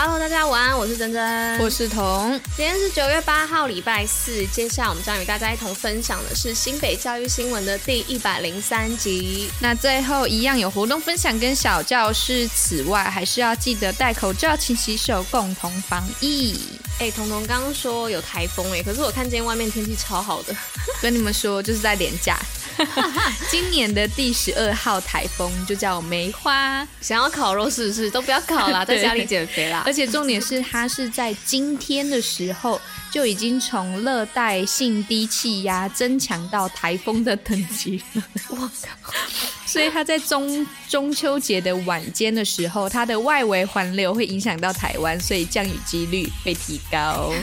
哈，嘍，大家晚安，我是珍珍，我是彤。今天是九月八號，禮拜四。接下來我們將與大家一同分享的是新北教育新聞的第一百零三集。那最後一樣有活動分享跟小教室，此外還是要記得戴口罩、勤洗手，共同防疫。哎、欸，彤彤剛剛說有台風、欸，哎，可是我看今天外面天氣超好的， 跟你們說就是在連假。 今年的第十二號台風就叫梅花。想要烤肉是不是？都不要烤啦，在家裡減肥啦。而且重點是，它是在今天的時候就已經從熱帶性低氣壓增強到台風的等級了。我靠！所以它在中中秋節的晚間的時候，它的外圍環流會影響到台灣，所以降雨幾率會提高。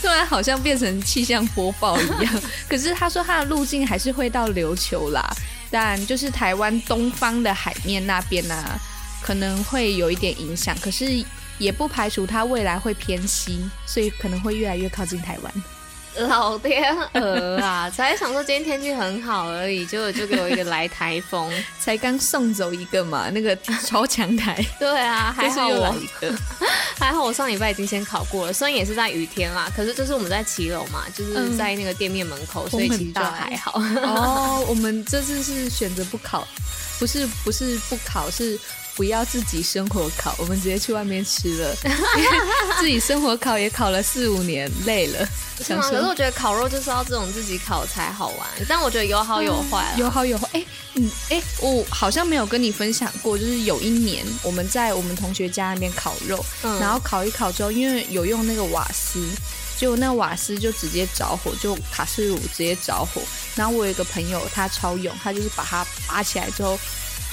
突然好像變成氣象播報一樣，可是他說他的路徑還是會到琉球啦，但就是台灣東方的海面那邊呢、啊，可能會有一點影響，可是也不排除他未來會偏西，所以可能會越來越靠近台灣。老天鵝啊！才想說今天天氣很好而已， 就就給我一個來台風。才剛送走一個嘛，那個超強台 對啊，還好我一個。還好我上禮拜已經先考過了，雖然也是在雨天啦，可是就是我們在騎樓嘛，就是在那個店面門口，嗯、所以其實就還好。哦 ，oh, 我們這次是選擇不考，不是不是不考是。不要自己生火烤，我們直接去外面吃了。 自己生火烤也烤了四五年，累了。是想說可是我覺得烤肉就是要這種自己烤才好玩。但我覺得有好有壞、嗯，有好有壞。哎、欸，嗯，哎、欸，我好像沒有跟你分享過，就是有一年我們在我們同學家那邊烤肉，嗯、然後烤一烤之後，因為有用那個瓦斯，就那瓦斯就直接着火，就卡式爐直接着火。然後我有一個朋友，他超勇，他就是把它拔起來之後。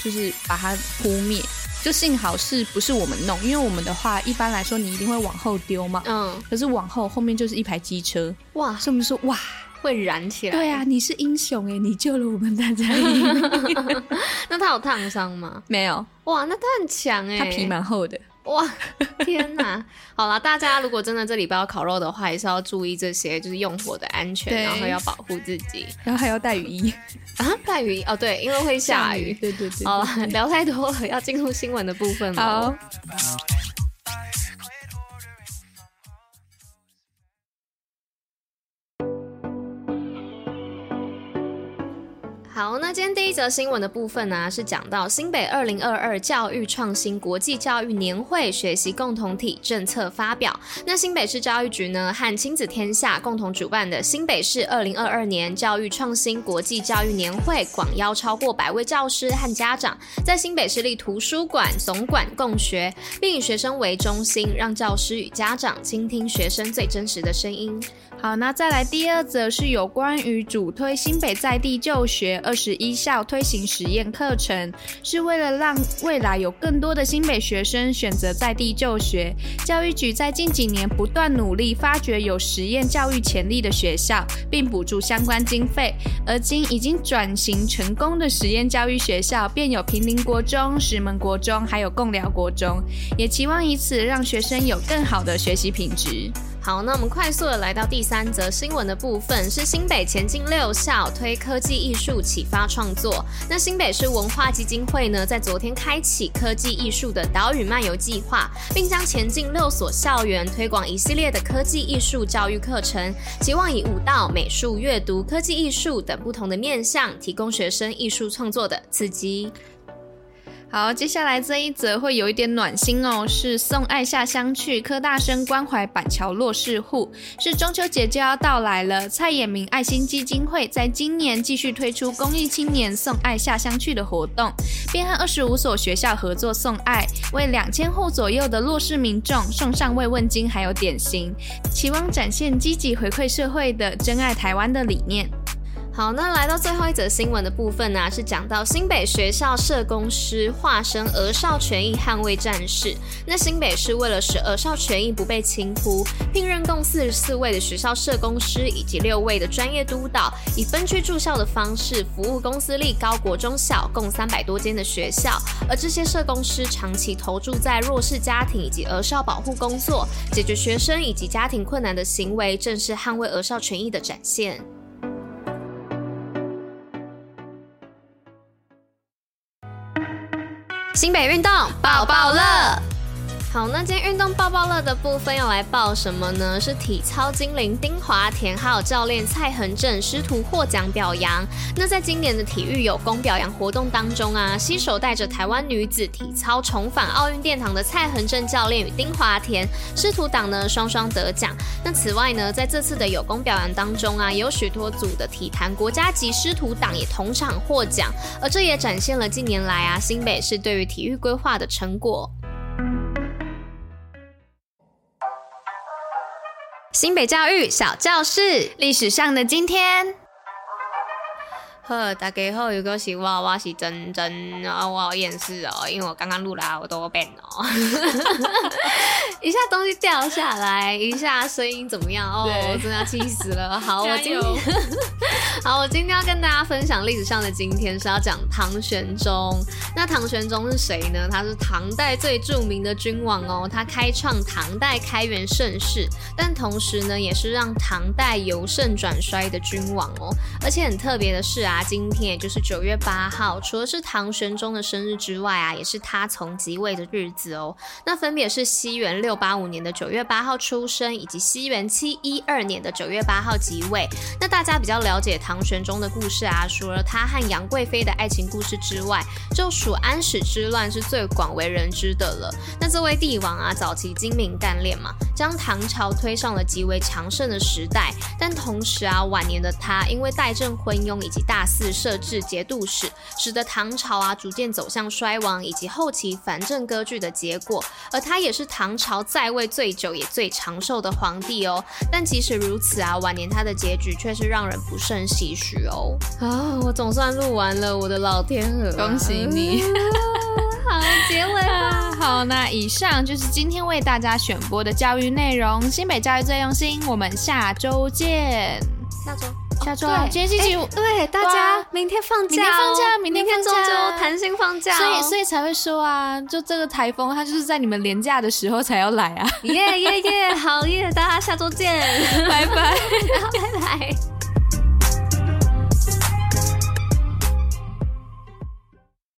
就是把它撲滅，就幸好是不是我們弄？因為我們的話一般來說你一定會往後丟嘛。嗯。可是往後後面就是一排機車哇，哇！是不是說哇，會燃起來。對啊，你是英雄哎，你救了我們大家。 那他有燙傷嗎？沒有。哇，那他很強哎，他皮蠻厚的。哇，天哪！ 好啦，大家如果真的這裡不要烤肉的話，也是要注意這些，就是用火的安全，對然後要保護自己，然後還要帶雨衣啊，帶雨衣哦，對，因為會下雨。下雨對，對對對。好啦，聊太多了，要進入新聞的部分了。好。今天第一則新聞的部分呢、啊，是講到新北二零二二教育創新國際教育年會學習共同體政策發表。那新北市教育局呢，和親子天下共同主辦的新北市二零二二年教育創新國際教育年會，廣邀超過百位教師和家長，在新北市立圖書館總館共學，並以學生為中心，讓教師與家長傾聽學生最真實的聲音。好，那再來第二則，是有關於主推新北在地就學二十一一校推行實驗課程，是為了讓未來有更多的新北學生選擇在地就學。教育局在近幾年不斷努力發掘有實驗教育潛力的學校，並補助相關經費。而今已經轉型成功的實驗教育學校，便有坪林國中、石門國中，還有貢寮國中，也期望以此讓學生有更好的學習品質。好，那我們快速的來到第三則新聞的部分，是新北前進六校推科技藝術啟發創作。那新北市文化基金會呢，在昨天開啟科技藝術的島嶼漫遊計劃，並將前進六所校園推廣一系列的科技藝術教育課程，期望以舞蹈、美術、閱讀、科技藝術等不同的面向，提供學生藝術創作的刺激。好，接下來這一則會有一點暖心哦，是“送愛下鄉趣，科大生關懷板橋弱勢戶”。是中秋節就要到來了，蔡衍明愛心基金會在今年繼續推出公益青年“送愛下鄉趣”的活動，並和二十五所學校合作送愛，為兩千戶左右的弱勢民眾送上慰問金還有點心，期望展現積極回饋社會的珍愛台灣的理念。好，那來到最後一則新聞的部分呢、啊，是講到新北學校社工師化身兒少權益捍衛戰士。那新北市為了使兒少權益不被輕忽，聘任共四十四位的學校社工師以及六位的專業督導，以分區駐校的方式服務公私立高國中小共三百多間的學校。而這些社工師長期投注在弱勢家庭以及兒少保護工作，解決學生以及家庭困難的行為，正是捍衛兒少權益的展現。新北運動，抱抱樂！好，那今天運動爆爆樂的部分要來爆什麼呢？是體操精靈丁華恬還有教練蔡恆政師徒獲獎表揚。那在今年的體育有功表揚活動當中啊，攜手帶着台灣女子體操重返奧運殿堂的蔡恆政教練與丁華恬師徒檔呢，雙雙得獎。那此外呢，在這次的有功表揚當中啊，有許多組的體壇國家級師徒檔也同場獲獎，而這也展現了近年來啊新北市對於體育規劃的成果。新北教育小教室，歷史上的今天。呵，大家好，有個是娃娃是珍珍啊，我，珍珍、哦、我好厭世哦，因為我剛剛錄了好多遍哦， 一下東西掉下來，一下聲音怎麼樣哦？對我真的要氣死了。好，我就。油 好，我今天要跟大家分享歷史上的今天是要講唐玄宗。那唐玄宗是誰呢？他是唐代最著名的君王哦，他開創唐代開元盛世，但同時呢，也是讓唐代由盛轉衰的君王哦。而且很特別的是啊。今天也就是九月八號，除了是唐玄宗的生日之外啊，也是他從即位的日子哦。那分別是西元六八五年的九月八號出生，以及西元七一二年的九月八號即位。那大家比較了解唐玄宗的故事啊，除了他和楊貴妃的愛情故事之外，就屬安史之亂是最廣為人知的了。那作為帝王啊，早期精明幹練嘛，將唐朝推上了極為強盛的時代。但同時啊，晚年的他因為怠政昏庸以及大。四設置節度使，使得唐朝啊逐漸走向衰亡，以及後期藩鎮割據的結果。而他也是唐朝在位最久也最長壽的皇帝哦。但即使如此啊，晚年他的結局卻是讓人不勝唏噓哦。啊、哦，我總算錄完了，我的老天鵝、啊，恭喜你。 好、啊，結尾吧、啊。 好，那以上就是今天為大家選播的教育內容。新北教育最用心，我們下周見。下周、那個。下週，今天星期五，對，對、欸、對大家明天放假，明天放假，明天放假，就彈性放假、哦。所以，所以才會說啊，就這個台風，它就是在你們連假的時候才要來啊。耶耶耶，好耶，大家下週見， 拜拜， 拜拜。